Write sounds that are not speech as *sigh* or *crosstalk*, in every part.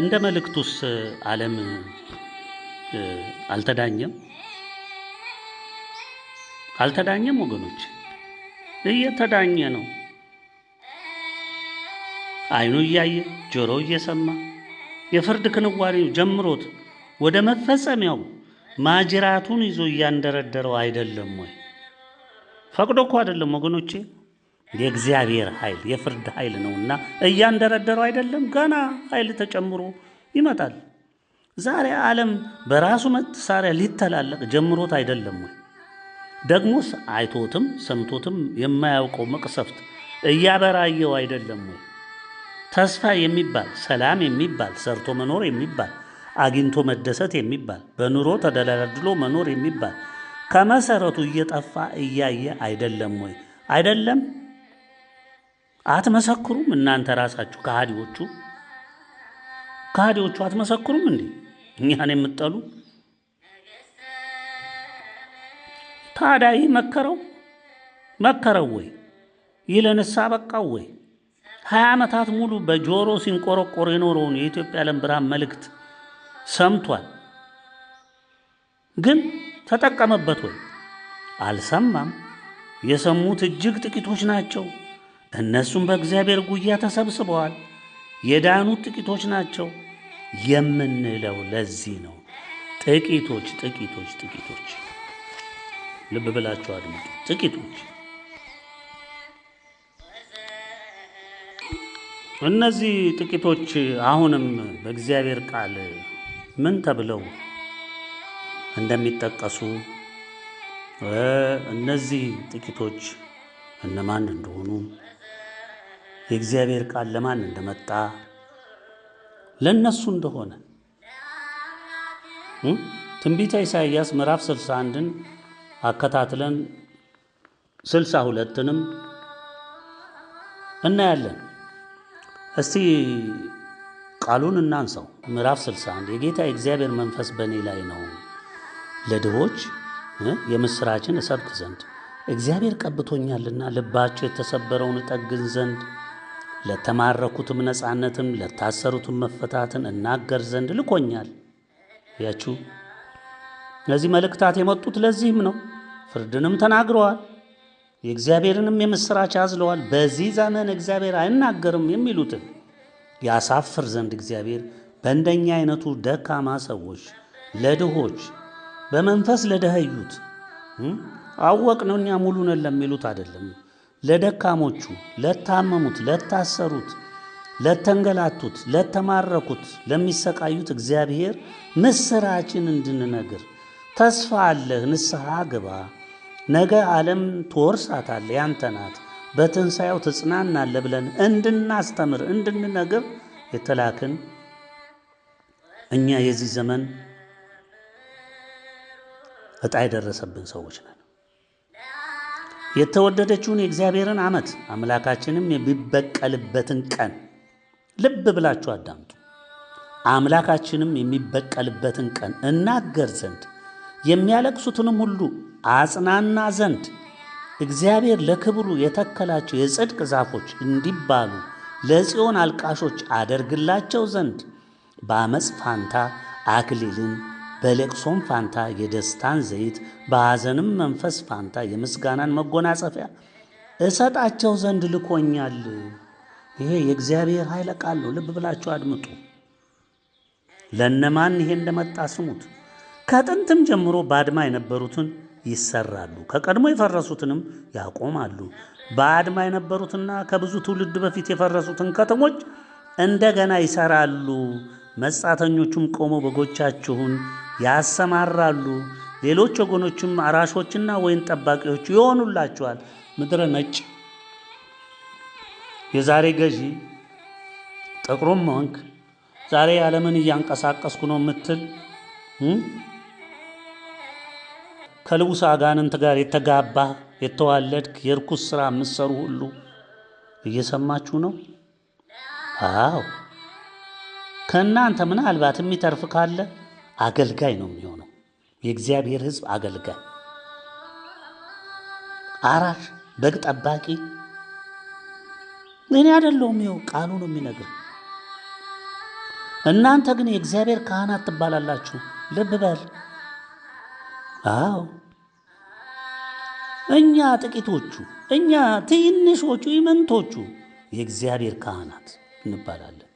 እንደ መልእክቱስ ዓለም አልተዳኘም አልተዳኘም? ወገኖች እየተዳኘ ነው። አይኑ እያየ ጆሮ እየሰማ የፍርድ ክንዋኔው ጀምሮት ወደ መፈጸሚያው ማጅራቱን ይዞ እያንደረደረው አይደለም ወይ? ፈቅዶ እኮ አይደለም ወገኖቼ። የእግዚአብሔር ኃይል የፍርድ ኃይል ነውና እያንደረደረው አይደለም፣ ገና ኃይል ተጨምሮ ይመጣል። ዛሬ ዓለም በራሱ መሳሪያ ሊተላለቅ ጀምሮት አይደለም ወይ? ደግሞስ አይቶትም ሰምቶትም የማያውቀው መቅሰፍት እያበራየው አይደለም ወይ? ተስፋ የሚባል ሰላም የሚባል ሰርቶ መኖር የሚባል አግኝቶ መደሰት የሚባል በኑሮ ተደላድሎ መኖር የሚባል ከመሰረቱ እየጠፋ እያየ አይደለም ወይ? አይደለም አትመሰክሩም? እናንተ ራሳችሁ ከሃዲዎቹ ከሃዲዎቹ አትመሰክሩም እንዴ? እኛን የምጠሉ ታዲያ ይህ መከረው መከረው ወይ ይለንሳ በቃው ወይ? ሀያ ዓመታት ሙሉ በጆሮ ሲንቆረቆር የኖረውን የኢትዮጵያ ዓለም ብርሃን መልእክት ሰምቷል። ግን ተጠቀመበት ወይ? አልሰማም። የሰሙት እጅግ ጥቂቶች ናቸው። እነሱም በእግዚአብሔር ጉያ ተሰብስበዋል። የዳኑ ጥቂቶች ናቸው የምንለው ለዚህ ነው። ጥቂቶች ጥቂቶች ጥቂቶች። ልብ ብላችሁ አድምጡ። ጥቂቶች እነዚህ ጥቂቶች አሁንም በእግዚአብሔር ቃል ምን ተብለው እንደሚጠቀሱ እነዚህ ጥቂቶች እነማን እንደሆኑ የእግዚአብሔር ቃል ለማን እንደመጣ ለእነሱ እንደሆነ ትንቢተ ኢሳይያስ ምዕራፍ 61ን አከታትለን 62 ሁለትንም እናያለን። እስቲ ቃሉን እናንሰው። ምዕራፍ 61 የጌታ የእግዚአብሔር መንፈስ በእኔ ላይ ነው፣ ለድሆች የምሥራችን እሰብክ ዘንድ እግዚአብሔር ቀብቶኛልና ልባቸው የተሰበረውን እጠግን ዘንድ ለተማረኩትም ነፃነትም ለታሰሩትም መፈታትን እናገር ዘንድ ልኮኛል። ያችሁ እነዚህ መልእክታት የመጡት ለዚህም ነው። ፍርድንም ተናግረዋል፣ የእግዚአብሔርንም የምሥራች አዝለዋል። በዚህ ዘመን እግዚአብሔር አይናገርም የሚሉትን ያሳፍር ዘንድ እግዚአብሔር በእንደኛ አይነቱ ደካማ ሰዎች፣ ለድሆች፣ በመንፈስ ለደኸዩት አወቅ ነው እኛ ሙሉ ነን ለሚሉት አይደለም ለደካሞቹ፣ ለታመሙት፣ ለታሰሩት፣ ለተንገላቱት፣ ለተማረኩት፣ ለሚሰቃዩት እግዚአብሔር ምስራችን እንድንነግር ተስፋ አለህ፣ ንስሐ ግባ፣ ነገ ዓለም ትወርሳታለህ፣ ያንተ ናት፣ በትንሣኤው ትጽናናለህ ብለን እንድናስተምር እንድንነግር የተላክን እኛ የዚህ ዘመን ዕጣ የደረሰብን ሰዎች ነን። የተወደደችውን የእግዚአብሔርን ዓመት አምላካችንም የሚበቀልበትን ቀን ልብ ብላችሁ አዳምጡ። አምላካችንም የሚበቀልበትን ቀን እናገር ዘንድ የሚያለቅሱትንም ሁሉ አጽናና ዘንድ እግዚአብሔር ለክብሩ የተከላቸው የጽድቅ ዛፎች እንዲባሉ ለጽዮን አልቃሾች አደርግላቸው ዘንድ በአመፅ ፋንታ አክሊልን በለቅሶም ፋንታ የደስታን ዘይት፣ በሐዘንም መንፈስ ፋንታ የምስጋናን መጎናጸፊያ እሰጣቸው ዘንድ ልኮኛል። ይሄ የእግዚአብሔር ኃይለ ቃል ነው። ልብ ብላችሁ አድምጡ። ለእነማን ይሄ እንደመጣ ስሙት። ከጥንትም ጀምሮ ባድማ የነበሩትን ይሰራሉ፣ ከቀድሞ የፈረሱትንም ያቆማሉ። ባድማ የነበሩትና ከብዙ ትውልድ በፊት የፈረሱትን ከተሞች እንደገና ይሰራሉ። መጻተኞቹም ቆመው በጎቻችሁን ያሰማራሉ፣ ሌሎች ወገኖችም አራሾችና ወይን ጠባቂዎች ይሆኑላችኋል። ምድረ ነጭ የዛሬ ገዢ ጥቁሩም መንክ ዛሬ ዓለምን እያንቀሳቀስኩ ነው የምትል ከልቡስ አጋንንት ጋር የተጋባ የተዋለድክ የርኩስ ስራ የምትሰሩ ሁሉ እየሰማችሁ ነው። አዎ ከእናንተ ምናልባት የሚተርፍ ካለ አገልጋይ ነው የሚሆነው። የእግዚአብሔር ሕዝብ አገልጋይ፣ አራሽ፣ በግ ጠባቂ እኔ አይደለሁም። ይኸው ቃሉ ነው የሚነግር። እናንተ ግን የእግዚአብሔር ካህናት ትባላላችሁ። ልብ በል። አዎ እኛ ጥቂቶቹ፣ እኛ ትንሾቹ፣ ኢመንቶቹ የእግዚአብሔር ካህናት እንባላለን።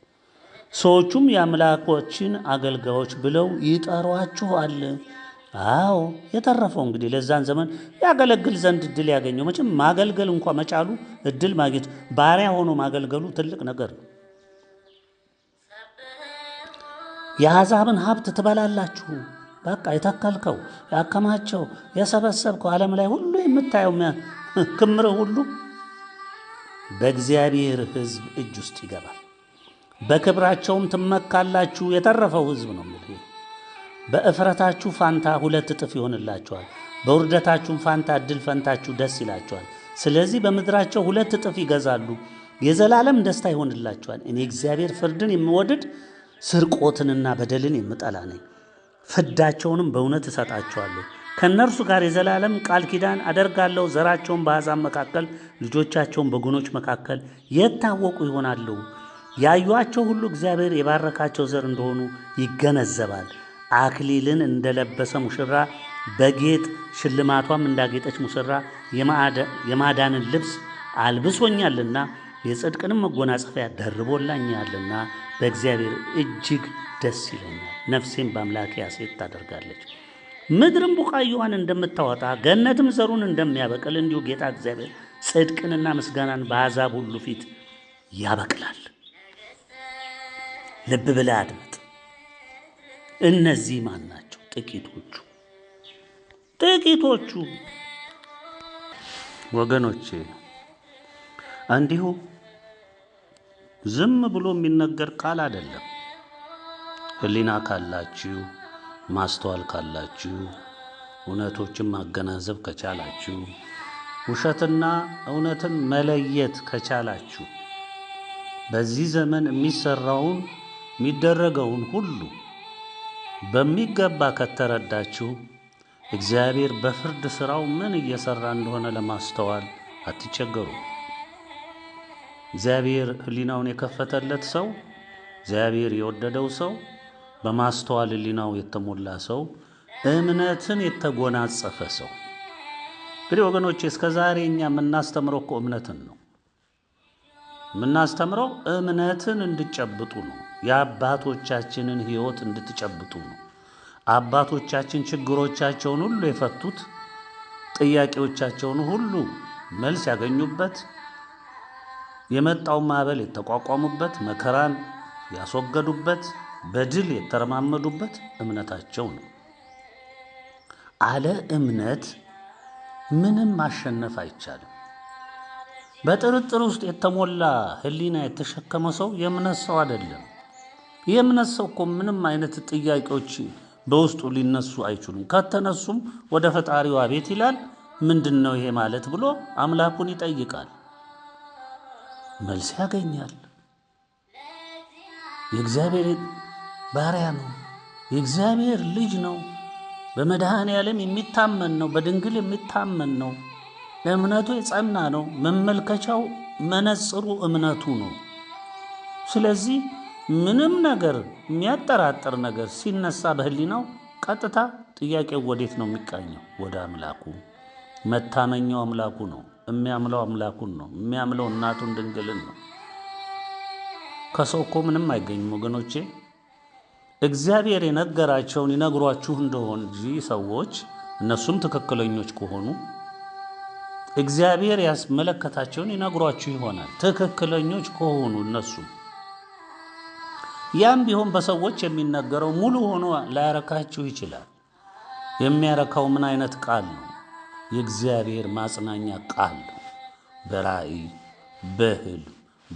ሰዎቹም የአምላኮችን አገልጋዮች ብለው ይጠሯችኋል። አዎ የተረፈው እንግዲህ ለዛን ዘመን ያገለግል ዘንድ እድል ያገኘው መቼም ማገልገል እንኳ መቻሉ እድል ማግኘት ባሪያ ሆኖ ማገልገሉ ትልቅ ነገር ነው። የአሕዛብን ሀብት ትበላላችሁ። በቃ የተከልከው፣ ያከማቸው፣ የሰበሰብከው ዓለም ላይ ሁሉ የምታየው ክምርህ ሁሉ በእግዚአብሔር ሕዝብ እጅ ውስጥ ይገባል። በክብራቸውም ትመካላችሁ። የተረፈው ሕዝብ ነው እንግዲህ በእፍረታችሁ ፋንታ ሁለት እጥፍ ይሆንላቸዋል፣ በውርደታችሁም ፋንታ እድል ፈንታችሁ ደስ ይላቸዋል። ስለዚህ በምድራቸው ሁለት እጥፍ ይገዛሉ፣ የዘላለም ደስታ ይሆንላቸዋል። እኔ እግዚአብሔር ፍርድን የምወድድ ስርቆትንና በደልን የምጠላ ነኝ። ፍዳቸውንም በእውነት እሰጣቸዋለሁ። ከእነርሱ ጋር የዘላለም ቃል ኪዳን አደርጋለሁ። ዘራቸውን በአሕዛብ መካከል፣ ልጆቻቸውን በጎኖች መካከል የታወቁ ይሆናሉ። ያዩአቸው ሁሉ እግዚአብሔር የባረካቸው ዘር እንደሆኑ ይገነዘባል። አክሊልን እንደለበሰ ሙሽራ በጌጥ ሽልማቷም እንዳጌጠች ሙሽራ የማዳንን ልብስ አልብሶኛልና የጽድቅንም መጎናጸፊያ ደርቦላኛልና በእግዚአብሔር እጅግ ደስ ይለኛል፣ ነፍሴም በአምላኬ ሐሴት ታደርጋለች። ምድርም ቡቃያዋን እንደምታወጣ ገነትም ዘሩን እንደሚያበቅል እንዲሁ ጌታ እግዚአብሔር ጽድቅንና ምስጋናን በአሕዛብ ሁሉ ፊት ያበቅላል። ልብ ብለህ አድመጥ። እነዚህ ማን ናቸው? ጥቂቶቹ ጥቂቶቹ ወገኖቼ እንዲሁ ዝም ብሎ የሚነገር ቃል አይደለም። ሕሊና ካላችሁ፣ ማስተዋል ካላችሁ፣ እውነቶችን ማገናዘብ ከቻላችሁ፣ ውሸትና እውነትን መለየት ከቻላችሁ በዚህ ዘመን የሚሰራውን የሚደረገውን ሁሉ በሚገባ ከተረዳችሁ እግዚአብሔር በፍርድ ሥራው ምን እየሠራ እንደሆነ ለማስተዋል አትቸገሩ እግዚአብሔር ሕሊናውን የከፈተለት ሰው፣ እግዚአብሔር የወደደው ሰው፣ በማስተዋል ሕሊናው የተሞላ ሰው፣ እምነትን የተጎናጸፈ ሰው። እንግዲህ ወገኖቼ እስከ ዛሬ እኛ የምናስተምረው እኮ እምነትን ነው። የምናስተምረው እምነትን እንድጨብጡ ነው። የአባቶቻችንን ሕይወት እንድትጨብጡ ነው። አባቶቻችን ችግሮቻቸውን ሁሉ የፈቱት ጥያቄዎቻቸውን ሁሉ መልስ ያገኙበት የመጣውን ማዕበል የተቋቋሙበት መከራን ያስወገዱበት በድል የተረማመዱበት እምነታቸው ነው። አለ እምነት ምንም ማሸነፍ አይቻልም። በጥርጥር ውስጥ የተሞላ ህሊና የተሸከመ ሰው የእምነት ሰው አይደለም። የእምነት ሰው እኮ ምንም አይነት ጥያቄዎች በውስጡ ሊነሱ አይችሉም። ከተነሱም ወደ ፈጣሪዋ ቤት ይላል። ምንድን ነው ይሄ ማለት ብሎ አምላኩን ይጠይቃል፣ መልስ ያገኛል። የእግዚአብሔር ባሪያ ነው፣ የእግዚአብሔር ልጅ ነው፣ በመድኃኔ ዓለም የሚታመን ነው፣ በድንግል የሚታመን ነው፣ ለእምነቱ የጸና ነው። መመልከቻው መነጽሩ እምነቱ ነው። ስለዚህ ምንም ነገር የሚያጠራጥር ነገር ሲነሳ በህሊናው ቀጥታ ጥያቄው ወዴት ነው የሚቃኘው? ወደ አምላኩ። መታመኛው አምላኩ ነው። የሚያምለው አምላኩን ነው። የሚያምለው እናቱን ድንግልን ነው። ከሰው እኮ ምንም አይገኝም ወገኖቼ። እግዚአብሔር የነገራቸውን ይነግሯችሁ እንደሆን እንጂ ሰዎች እነሱም ትክክለኞች ከሆኑ እግዚአብሔር ያስመለከታቸውን ይነግሯችሁ ይሆናል። ትክክለኞች ከሆኑ እነሱም ያም ቢሆን በሰዎች የሚነገረው ሙሉ ሆኖ ላያረካችሁ ይችላል። የሚያረካው ምን አይነት ቃል ነው? የእግዚአብሔር ማጽናኛ ቃል በራእይ በህል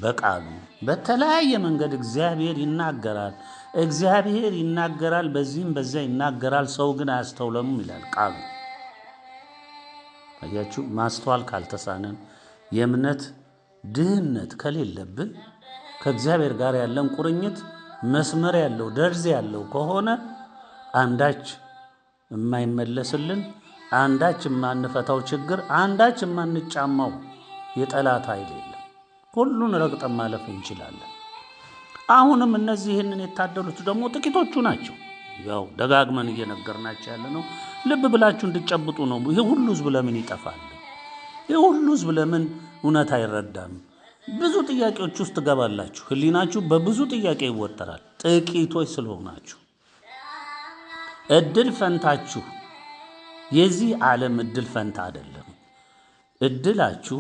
በቃሉ በተለያየ መንገድ እግዚአብሔር ይናገራል። እግዚአብሔር ይናገራል፣ በዚህም በዚያ ይናገራል። ሰው ግን አያስተውለም ይላል ቃሉ። አያችሁ፣ ማስተዋል ካልተሳነን የእምነት ድህነት ከሌለብን ከእግዚአብሔር ጋር ያለን ቁርኝት መስመር ያለው ደርዝ ያለው ከሆነ አንዳች የማይመለስልን አንዳች የማንፈታው ችግር አንዳች የማንጫማው የጠላት ኃይል የለም። ሁሉን ረግጠን ማለፍ እንችላለን። አሁንም እነዚህ የታደሉት ደግሞ ጥቂቶቹ ናቸው። ያው ደጋግመን እየነገርናቸው ያለ ነው። ልብ ብላችሁ እንድጨብጡ ነው። ይህ ሁሉ ህዝብ ለምን ይጠፋል? ይህ ሁሉ ህዝብ ለምን እውነት አይረዳም? ብዙ ጥያቄዎች ውስጥ ትገባላችሁ። ህሊናችሁ በብዙ ጥያቄ ይወጠራል። ጥቂቶች ስለሆናችሁ እድል ፈንታችሁ የዚህ ዓለም እድል ፈንታ አይደለም። እድላችሁ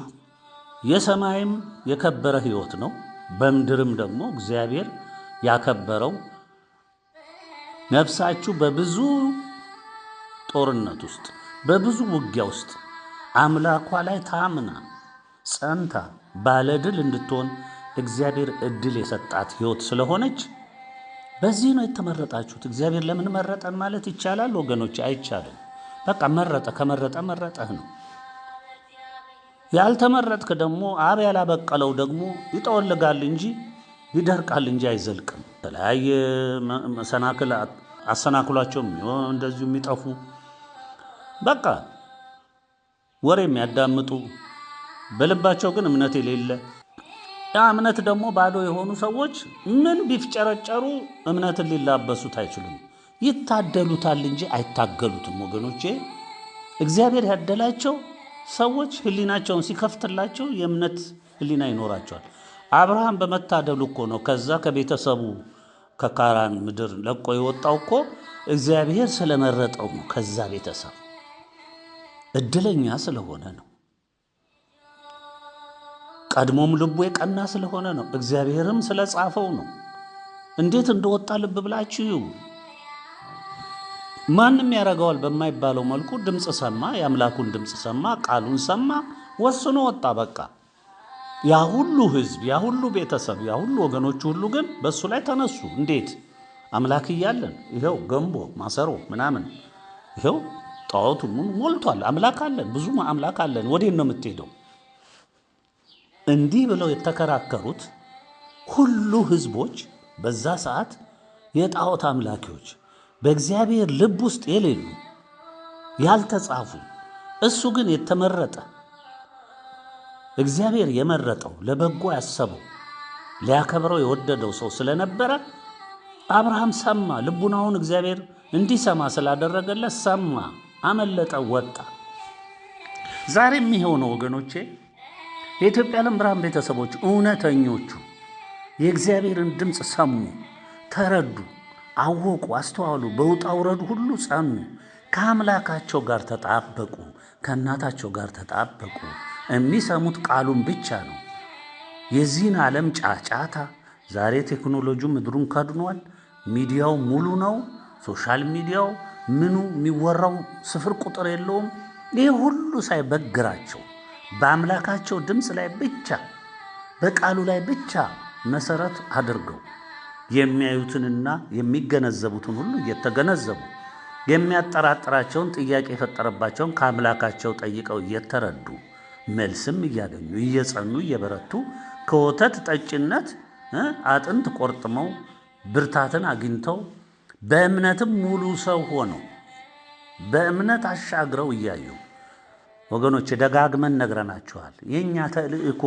የሰማይም የከበረ ህይወት ነው። በምድርም ደግሞ እግዚአብሔር ያከበረው ነፍሳችሁ በብዙ ጦርነት ውስጥ በብዙ ውጊያ ውስጥ አምላኳ ላይ ታምና ጸንታ ባለ ድል እንድትሆን እግዚአብሔር እድል የሰጣት ህይወት ስለሆነች በዚህ ነው የተመረጣችሁት። እግዚአብሔር ለምን መረጠን ማለት ይቻላል ወገኖች? አይቻልም። በቃ መረጠ። ከመረጠ መረጠህ ነው። ያልተመረጥክ ደግሞ አብ ያላበቀለው ደግሞ ይጠወልጋል እንጂ ይደርቃል እንጂ አይዘልቅም። የተለያየ መሰናክል አሰናክሏቸው እንደዚሁ የሚጠፉ በቃ ወሬ የሚያዳምጡ በልባቸው ግን እምነት የሌለ ያ እምነት ደግሞ ባዶ የሆኑ ሰዎች ምን ቢፍጨረጨሩ እምነትን ሊላበሱት አይችሉም። ይታደሉታል እንጂ አይታገሉትም። ወገኖቼ እግዚአብሔር ያደላቸው ሰዎች ህሊናቸውን ሲከፍትላቸው የእምነት ህሊና ይኖራቸዋል። አብርሃም በመታደሉ እኮ ነው ከዛ ከቤተሰቡ ከካራን ምድር ለቆ የወጣው እኮ እግዚአብሔር ስለመረጠው ነው። ከዛ ቤተሰብ እድለኛ ስለሆነ ነው። ቀድሞም ልቡ የቀና ስለሆነ ነው። እግዚአብሔርም ስለጻፈው ነው። እንዴት እንደወጣ ልብ ብላችሁ ማንም ያደርገዋል በማይባለው መልኩ ድምፅ ሰማ፣ የአምላኩን ድምፅ ሰማ፣ ቃሉን ሰማ፣ ወስኖ ወጣ። በቃ ያ ሁሉ ህዝብ፣ ያ ሁሉ ቤተሰብ፣ ያ ሁሉ ወገኖች ሁሉ ግን በእሱ ላይ ተነሱ። እንዴት አምላክ እያለን ይኸው ገንቦ ማሰሮ ምናምን ይኸው ጣዖቱ ሞልቷል። አምላክ አለን፣ ብዙ አምላክ አለን። ወዴት ነው የምትሄደው? እንዲህ ብለው የተከራከሩት ሁሉ ህዝቦች በዛ ሰዓት የጣዖት አምላኪዎች በእግዚአብሔር ልብ ውስጥ የሌሉ ያልተጻፉ፣ እሱ ግን የተመረጠ እግዚአብሔር የመረጠው ለበጎ ያሰበው ሊያከብረው የወደደው ሰው ስለነበረ አብርሃም ሰማ። ልቡናውን እግዚአብሔር እንዲሰማ ስላደረገለት ሰማ፣ አመለጠ፣ ወጣ። ዛሬም ይሄው ወገኖቼ። የኢትዮጵያ ዓለም ብርሃን ቤተሰቦች እውነተኞቹ የእግዚአብሔርን ድምፅ ሰሙ፣ ተረዱ፣ አወቁ፣ አስተዋሉ። በውጣ ውረዱ ሁሉ ጸኑ። ከአምላካቸው ጋር ተጣበቁ፣ ከእናታቸው ጋር ተጣበቁ። የሚሰሙት ቃሉን ብቻ ነው። የዚህን ዓለም ጫጫታ ዛሬ ቴክኖሎጂ ምድሩን ከድኗል። ሚዲያው ሙሉ ነው። ሶሻል ሚዲያው ምኑ የሚወራው ስፍር ቁጥር የለውም። ይህ ሁሉ ሳይበግራቸው በአምላካቸው ድምፅ ላይ ብቻ በቃሉ ላይ ብቻ መሰረት አድርገው የሚያዩትንና የሚገነዘቡትን ሁሉ እየተገነዘቡ የሚያጠራጥራቸውን ጥያቄ የፈጠረባቸውን ከአምላካቸው ጠይቀው እየተረዱ መልስም እያገኙ እየጸኑ እየበረቱ ከወተት ጠጭነት አጥንት ቆርጥመው ብርታትን አግኝተው በእምነትም ሙሉ ሰው ሆነው በእምነት አሻግረው እያዩ ወገኖች ደጋግመን ነግረናችኋል። የእኛ ተልእኮ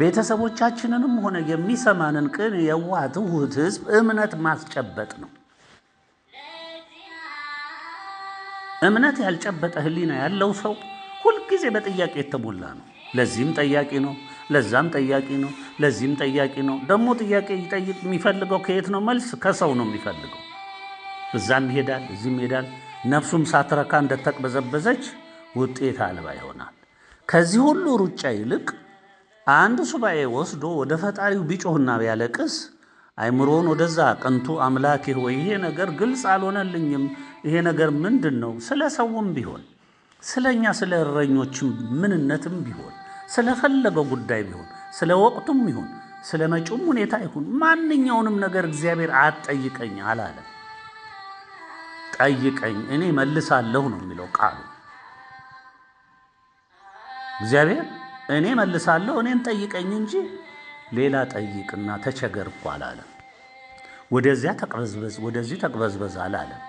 ቤተሰቦቻችንንም ሆነ የሚሰማንን ቅን የዋህ ትሑት ህዝብ እምነት ማስጨበጥ ነው። እምነት ያልጨበጠ ህሊና ያለው ሰው ሁልጊዜ በጥያቄ የተሞላ ነው። ለዚህም ጠያቂ ነው፣ ለዛም ጠያቂ ነው፣ ለዚህም ጠያቂ ነው። ደግሞ ጥያቄ ይጠይቅ የሚፈልገው ከየት ነው? መልስ ከሰው ነው የሚፈልገው። እዛም ይሄዳል፣ እዚህም ይሄዳል። ነፍሱም ሳትረካ እንደተቅበዘበዘች ውጤት አልባ ይሆናል። ከዚህ ሁሉ ሩጫ ይልቅ አንድ ሱባኤ ወስዶ ወደ ፈጣሪው ቢጮህና ቢያለቅስ አይምሮን ወደዛ ቀንቱ አምላኬ ሆይ ይሄ ነገር ግልጽ አልሆነልኝም፣ ይሄ ነገር ምንድን ነው? ስለ ሰውም ቢሆን ስለ እኛ ስለ እረኞችም ምንነትም ቢሆን ስለፈለገው ጉዳይ ቢሆን ስለ ወቅቱም ይሁን ስለ መጪውም ሁኔታ ይሁን ማንኛውንም ነገር እግዚአብሔር አትጠይቀኝ አላለም። ጠይቀኝ እኔ መልሳለሁ ነው የሚለው ቃሉ። እግዚአብሔር እኔ መልሳለሁ እኔን ጠይቀኝ እንጂ ሌላ ጠይቅና ተቸገርኩ አላለም። ወደዚያ ተቅበዝበዝ ወደዚህ ተቅበዝበዝ አላለም።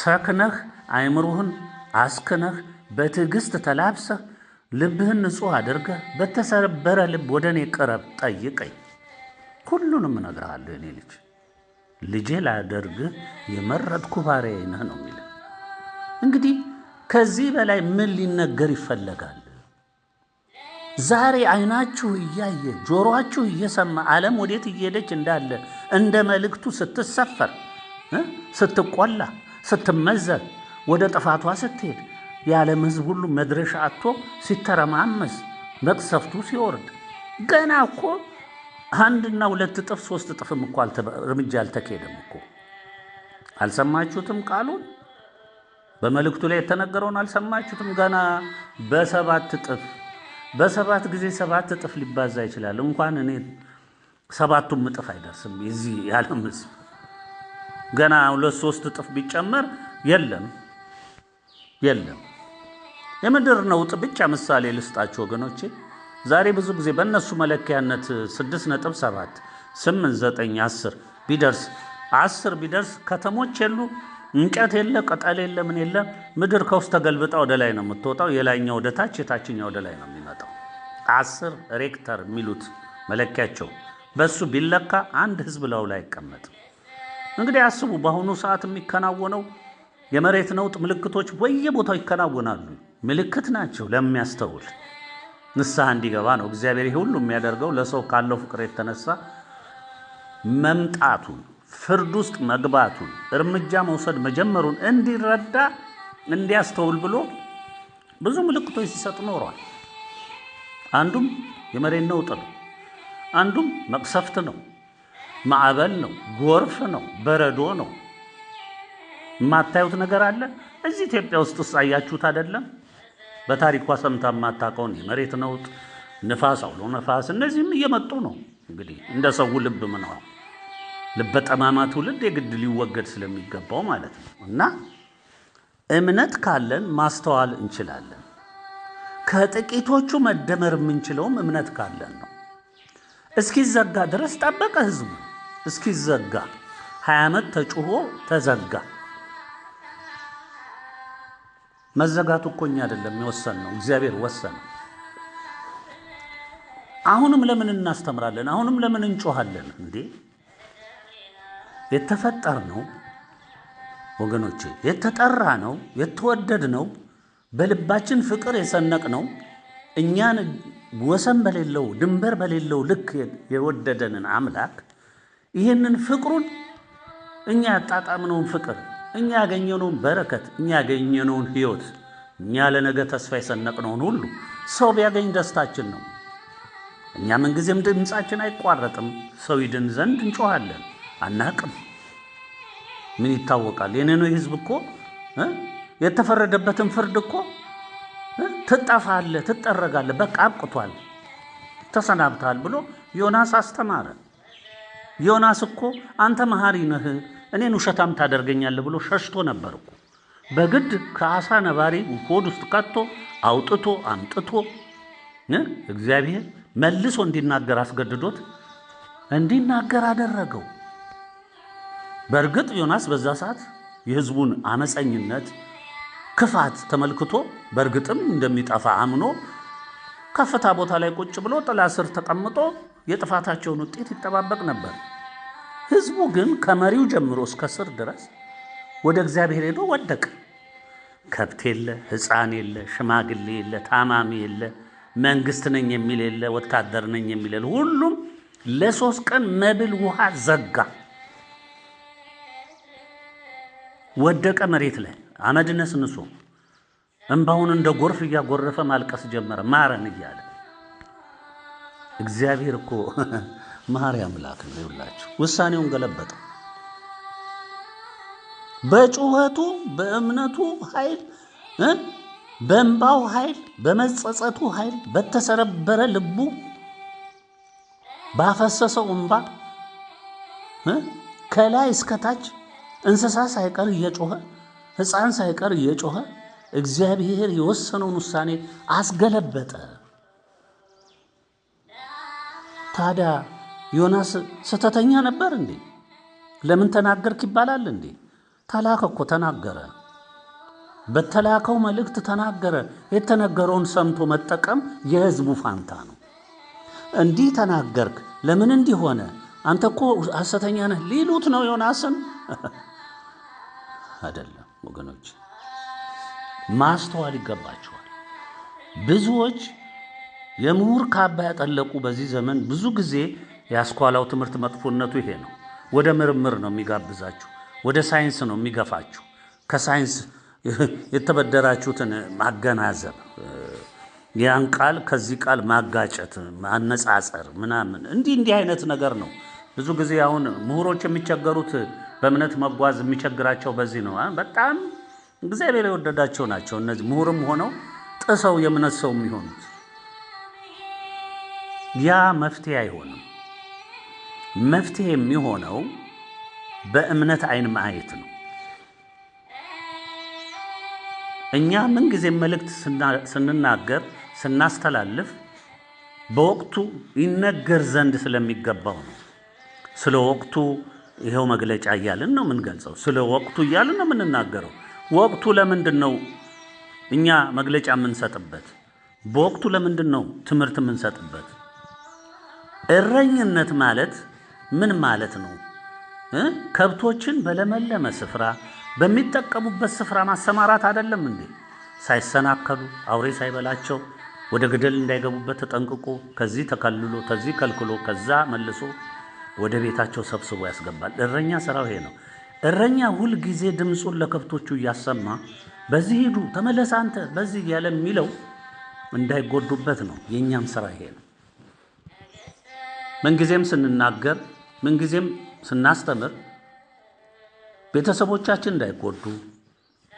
ሰክነህ አይምሩህን አስክነህ በትዕግስት ተላብሰህ ልብህን ንጹሕ አድርገህ በተሰበረ ልብ ወደ እኔ ቅረብ፣ ጠይቀኝ፣ ሁሉንም እነግርሃለሁ። እኔ ልጅ ልጄ ላደርግህ የመረጥኩ ባሪያዬ ነህ ነው የሚል። እንግዲህ ከዚህ በላይ ምን ሊነገር ይፈለጋል? ዛሬ አይናችሁ እያየ ጆሮአችሁ እየሰማ ዓለም ወዴት እየሄደች እንዳለ እንደ መልእክቱ ስትሰፈር፣ ስትቆላ፣ ስትመዘብ፣ ወደ ጥፋቷ ስትሄድ የዓለም ሕዝብ ሁሉ መድረሻ አጥቶ ሲተረማመስ መቅሰፍቱ ሲወርድ ገና እኮ አንድና ሁለት እጥፍ ሶስት እጥፍም እኮ እርምጃ አልተካሄደም እኮ። አልሰማችሁትም? ቃሉን በመልእክቱ ላይ የተነገረውን አልሰማችሁትም? ገና በሰባት እጥፍ በሰባት ጊዜ ሰባት እጥፍ ሊባዛ ይችላል። እንኳን እኔ ሰባቱም እጥፍ አይደርስም። የዚህ የዓለም ሕዝብ ገና ሁለት ሶስት እጥፍ ቢጨመር የለም የለም። የምድር ነውጥ ብቻ ምሳሌ ልስጣችሁ ወገኖቼ። ዛሬ ብዙ ጊዜ በእነሱ መለኪያነት ስድስት ነጥብ ሰባት ስምንት ዘጠኝ አስር ቢደርስ አስር ቢደርስ ከተሞች የሉ እንጨት የለ ቅጠል የለ ምን የለ። ምድር ከውስጥ ተገልብጣ ወደ ላይ ነው የምትወጣው። የላይኛው ወደ ታች፣ የታችኛው ወደ ላይ ነው የሚመጣው። አስር ሬክተር የሚሉት መለኪያቸው በሱ ቢለካ አንድ ህዝብ ላው ላይ አይቀመጥም። እንግዲህ አስቡ፣ በአሁኑ ሰዓት የሚከናወነው የመሬት ነውጥ ምልክቶች በየቦታው ይከናወናሉ። ምልክት ናቸው ለሚያስተውል ንስሐ እንዲገባ ነው። እግዚአብሔር ይህ ሁሉ የሚያደርገው ለሰው ካለው ፍቅር የተነሳ መምጣቱን ፍርድ ውስጥ መግባቱን እርምጃ መውሰድ መጀመሩን እንዲረዳ እንዲያስተውል ብሎ ብዙ ምልክቶች ሲሰጥ ኖሯል። አንዱም የመሬት ነውጥ ነው። አንዱም መቅሰፍት ነው፣ ማዕበል ነው፣ ጎርፍ ነው፣ በረዶ ነው። የማታዩት ነገር አለ። እዚህ ኢትዮጵያ ውስጥ ውስጥ አያችሁት አይደለም? በታሪኳ ሰምታ የማታውቀውን የመሬት ነውጥ፣ ንፋስ፣ አውሎ ነፋስ፣ እነዚህም እየመጡ ነው። እንግዲህ እንደ ሰው ልብ ምነዋል ልበጠማማ ትውልድ የግድ ሊወገድ ስለሚገባው ማለት ነው። እና እምነት ካለን ማስተዋል እንችላለን። ከጥቂቶቹ መደመር የምንችለውም እምነት ካለን ነው። እስኪዘጋ ድረስ ጠበቀ ህዝቡ። እስኪዘጋ ሀያ ዓመት ተጩሆ ተዘጋ። መዘጋቱ እኮ እኛ አይደለም የወሰን ነው፣ እግዚአብሔር ወሰነ። አሁንም ለምን እናስተምራለን? አሁንም ለምን እንጮሃለን እንዴ? የተፈጠር ነው ወገኖች የተጠራ ነው፣ የተወደድ ነው፣ በልባችን ፍቅር የሰነቅ ነው። እኛን ወሰን በሌለው ድንበር በሌለው ልክ የወደደንን አምላክ ይህንን ፍቅሩን እኛ ያጣጣምነውን ፍቅር እኛ ያገኘነውን በረከት እኛ ያገኘነውን ሕይወት እኛ ለነገ ተስፋ የሰነቅነውን ሁሉ ሰው ቢያገኝ ደስታችን ነው። እኛ ምንጊዜም ድምፃችን አይቋረጥም። ሰው ይድን ዘንድ እንጮኋለን አናቅም። ምን ይታወቃል? የነነዌ ህዝብ እኮ የተፈረደበትን ፍርድ እኮ ትጠፋለህ፣ ትጠረጋለህ፣ በቃ አብቅቷል፣ ተሰናብታል ብሎ ዮናስ አስተማረ። ዮናስ እኮ አንተ መሐሪ ነህ፣ እኔን ውሸታም ታደርገኛለህ ብሎ ሸሽቶ ነበር እኮ በግድ ከአሳ ነባሪ ሆድ ውስጥ ቀጥቶ አውጥቶ አምጥቶ እግዚአብሔር መልሶ እንዲናገር አስገድዶት እንዲናገር አደረገው። በእርግጥ ዮናስ በዛ ሰዓት የህዝቡን አመፀኝነት፣ ክፋት ተመልክቶ በእርግጥም እንደሚጠፋ አምኖ ከፍታ ቦታ ላይ ቁጭ ብሎ ጥላ ስር ተቀምጦ የጥፋታቸውን ውጤት ይጠባበቅ ነበር። ህዝቡ ግን ከመሪው ጀምሮ እስከ ስር ድረስ ወደ እግዚአብሔር ሄዶ ወደቀ። ከብት የለ፣ ህፃን የለ፣ ሽማግሌ የለ፣ ታማሚ የለ፣ መንግስት ነኝ የሚል የለ፣ ወታደር ነኝ የሚል ሁሉም ለሶስት ቀን መብል ውሃ ዘጋ። ወደቀ መሬት ላይ አመድነስ ንሶ እንባውን እንደ ጎርፍ እያጎረፈ ማልቀስ ጀመረ ማረን እያለ እግዚአብሔር እኮ መሐሪ *laughs* አምላክ ነው ይውላችሁ ውሳኔውን ገለበጠ በጩኸቱ በእምነቱ ኃይል በእንባው ኃይል በመጸጸቱ ኃይል በተሰረበረ ልቡ ባፈሰሰው እንባ ከላይ እስከታች እንስሳ ሳይቀር እየጮኸ ሕፃን ሳይቀር እየጮኸ እግዚአብሔር የወሰነውን ውሳኔ አስገለበጠ። ታዲያ ዮናስ ስተተኛ ነበር እንዴ? ለምን ተናገርክ ይባላል እንዴ? ተላከ እኮ ተናገረ። በተላከው መልእክት ተናገረ። የተነገረውን ሰምቶ መጠቀም የህዝቡ ፋንታ ነው። እንዲህ ተናገርክ፣ ለምን እንዲህ ሆነ? አንተ እኮ ሐሰተኛ ነህ ሊሉት ነው ዮናስን አይደለም ወገኖች፣ ማስተዋል ይገባቸዋል። ብዙዎች የምሁር ካባ ያጠለቁ በዚህ ዘመን ብዙ ጊዜ የአስኳላው ትምህርት መጥፎነቱ ይሄ ነው። ወደ ምርምር ነው የሚጋብዛችሁ፣ ወደ ሳይንስ ነው የሚገፋችሁ። ከሳይንስ የተበደራችሁትን ማገናዘብ፣ ያን ቃል ከዚህ ቃል ማጋጨት፣ ማነጻጸር ምናምን እንዲህ እንዲህ አይነት ነገር ነው ብዙ ጊዜ አሁን ምሁሮች የሚቸገሩት በእምነት መጓዝ የሚቸግራቸው በዚህ ነው። በጣም እግዚአብሔር የወደዳቸው ናቸው እነዚህ ምሁርም ሆነው ጥሰው የእምነት ሰው የሚሆኑት። ያ መፍትሄ አይሆንም። መፍትሄ የሚሆነው በእምነት አይን ማየት ነው። እኛ ምንጊዜ መልእክት ስንናገር ስናስተላልፍ በወቅቱ ይነገር ዘንድ ስለሚገባው ነው። ስለ ወቅቱ ይኸው መግለጫ እያልን ነው የምንገልጸው። ስለ ወቅቱ እያልን ነው የምንናገረው። ወቅቱ ለምንድን ነው እኛ መግለጫ የምንሰጥበት? በወቅቱ ለምንድን ነው ትምህርት የምንሰጥበት? እረኝነት ማለት ምን ማለት ነው? ከብቶችን በለመለመ ስፍራ በሚጠቀሙበት ስፍራ ማሰማራት አይደለም እንዴ? ሳይሰናከሉ አውሬ ሳይበላቸው ወደ ገደል እንዳይገቡበት ተጠንቅቆ ከዚህ ተከልሎ ከዚህ ከልክሎ ከዛ መልሶ ወደ ቤታቸው ሰብስቦ ያስገባል። እረኛ ስራው ይሄ ነው። እረኛ ሁል ጊዜ ድምፁን ለከብቶቹ እያሰማ በዚህ ሂዱ፣ ተመለስ፣ አንተ በዚህ ያለ የሚለው እንዳይጎዱበት ነው። የእኛም ስራ ይሄ ነው። ምንጊዜም ስንናገር፣ ምንጊዜም ስናስተምር ቤተሰቦቻችን እንዳይጎዱ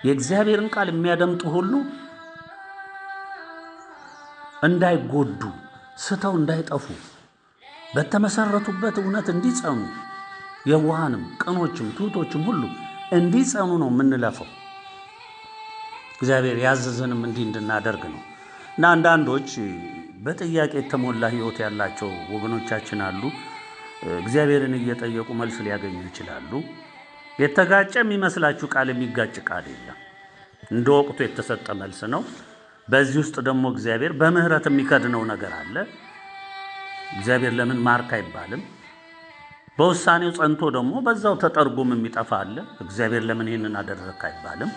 የእግዚአብሔርን ቃል የሚያደምጡ ሁሉ እንዳይጎዱ ስተው እንዳይጠፉ በተመሰረቱበት እውነት እንዲጸኑ የዋሃንም ቅኖችም ትሑቶችም ሁሉ እንዲጸኑ ነው የምንለፈው። እግዚአብሔር ያዘዘንም እንዲህ እንድናደርግ ነው እና አንዳንዶች በጥያቄ የተሞላ ሕይወት ያላቸው ወገኖቻችን አሉ። እግዚአብሔርን እየጠየቁ መልስ ሊያገኙ ይችላሉ። የተጋጨ የሚመስላችሁ ቃል የሚጋጭ ቃል የለም። እንደ ወቅቱ የተሰጠ መልስ ነው። በዚህ ውስጥ ደግሞ እግዚአብሔር በምህረት የሚከድነው ነገር አለ። እግዚአብሔር ለምን ማርክ አይባልም? በውሳኔው ጸንቶ ደግሞ በዛው ተጠርጉም የሚጠፋ አለ። እግዚአብሔር ለምን ይህንን አደረግክ አይባልም።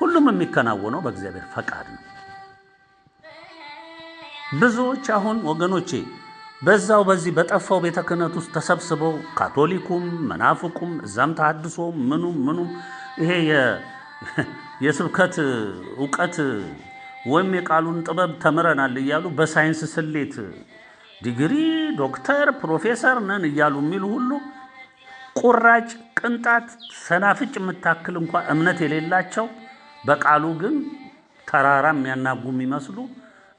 ሁሉም የሚከናወነው በእግዚአብሔር ፈቃድ ነው። ብዙዎች አሁን ወገኖቼ በዛው በዚህ በጠፋው ቤተ ክህነት ውስጥ ተሰብስበው ካቶሊኩም መናፍቁም እዛም ተሐድሶም ምኑም ምኑም ይሄ *laughs* የስብከት እውቀት ወይም የቃሉን ጥበብ ተምረናል እያሉ በሳይንስ ስሌት ዲግሪ ዶክተር ፕሮፌሰር ነን እያሉ የሚሉ ሁሉ ቁራጭ ቅንጣት ሰናፍጭ የምታክል እንኳ እምነት የሌላቸው በቃሉ ግን ተራራ የሚያናጉ የሚመስሉ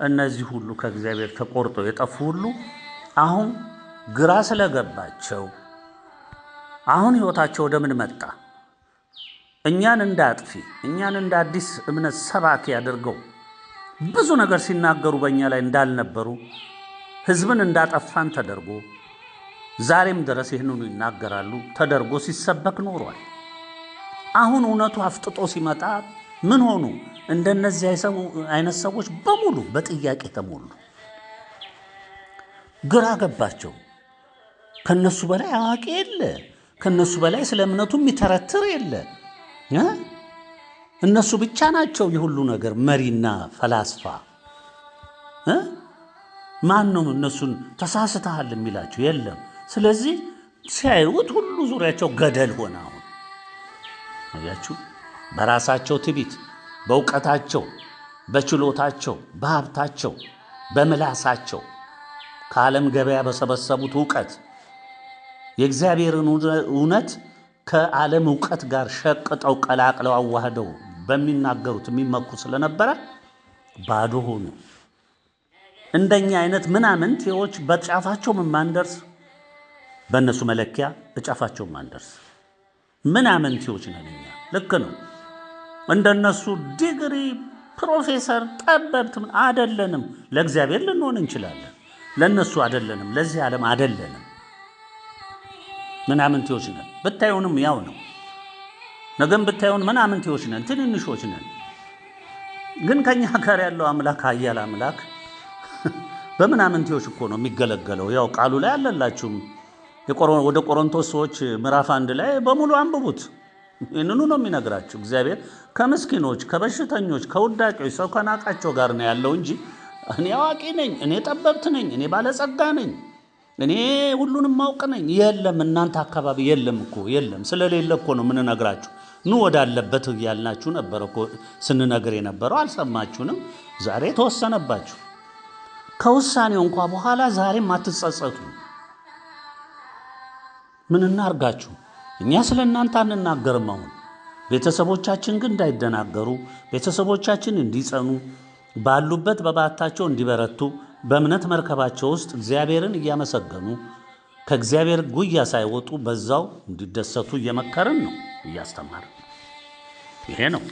እነዚህ ሁሉ ከእግዚአብሔር ተቆርጦ የጠፉ ሁሉ አሁን ግራ ስለገባቸው አሁን ህይወታቸው ወደ ምን መጣ? እኛን እንደ አጥፊ እኛን እንደ አዲስ እምነት ሰባኪ አድርገው ብዙ ነገር ሲናገሩ በእኛ ላይ እንዳልነበሩ ህዝብን እንዳጠፋን ተደርጎ ዛሬም ድረስ ይህንኑ ይናገራሉ ተደርጎ ሲሰበክ ኖሯል። አሁን እውነቱ አፍጥጦ ሲመጣ ምን ሆኑ? እንደነዚህ አይነት ሰዎች በሙሉ በጥያቄ ተሞሉ። ግራ ገባቸው። ከነሱ በላይ አዋቂ የለ፣ ከነሱ በላይ ስለ እምነቱ የሚተረትር የለ። እነሱ ብቻ ናቸው የሁሉ ነገር መሪና ፈላስፋ። ማንም እነሱን ተሳስተሃል የሚላቸው? የለም። ስለዚህ ሲያዩት ሁሉ ዙሪያቸው ገደል ሆነ። አሁን አያችሁ፣ በራሳቸው ትቢት፣ በእውቀታቸው፣ በችሎታቸው፣ በሀብታቸው፣ በምላሳቸው ከዓለም ገበያ በሰበሰቡት እውቀት የእግዚአብሔርን እውነት ከዓለም እውቀት ጋር ሸቅጠው ቀላቅለው አዋህደው በሚናገሩት የሚመኩ ስለነበረ ባዶ ሆኑ። እንደኛ አይነት ምናምንቴዎች በጫፋቸው ማንደርስ በእነሱ መለኪያ በጫፋቸው ማንደርስ ምናምንቴዎች ነን እኛ። ልክ ነው። እንደነሱ ዲግሪ ፕሮፌሰር፣ ጠበብት አደለንም። ለእግዚአብሔር ልንሆን እንችላለን። ለእነሱ አደለንም። ለዚህ ዓለም አደለንም። ምናምንቴዎች ነን። ብታዩንም ያው ነው። ነገም ብታዩን ምናምንቴዎች ነን፣ ትንንሾች ነን። ግን ከኛ ጋር ያለው አምላክ ኃያል አምላክ *laughs* በምናምንቴዎች እኮ ነው የሚገለገለው። ያው ቃሉ ላይ አለላችሁም። ወደ ቆሮንቶስ ሰዎች ምዕራፍ አንድ ላይ በሙሉ አንብቡት። ይህንኑ ነው የሚነግራችሁ። እግዚአብሔር ከምስኪኖች፣ ከበሽተኞች፣ ከውዳቂዎች፣ ሰው ከናቃቸው ጋር ነው ያለው እንጂ እኔ አዋቂ ነኝ፣ እኔ ጠበብት ነኝ፣ እኔ ባለጸጋ ነኝ፣ እኔ ሁሉንም ማውቅ ነኝ። የለም እናንተ አካባቢ የለም እኮ የለም። ስለሌለ እኮ ነው የምንነግራችሁ። ኑ ወዳለበት እያልናችሁ ነበር እኮ ስንነግር የነበረው አልሰማችሁንም። ዛሬ ተወሰነባችሁ። ከውሳኔው እንኳ በኋላ ዛሬም አትጸጸቱ። ምን እናርጋችሁ? እኛ ስለ እናንተ አንናገርም። አሁን ቤተሰቦቻችን ግን እንዳይደናገሩ፣ ቤተሰቦቻችን እንዲጸኑ፣ ባሉበት በባታቸው እንዲበረቱ፣ በእምነት መርከባቸው ውስጥ እግዚአብሔርን እያመሰገኑ ከእግዚአብሔር ጉያ ሳይወጡ በዛው እንዲደሰቱ እየመከርን ነው፣ እያስተማርን ይሄ ነው።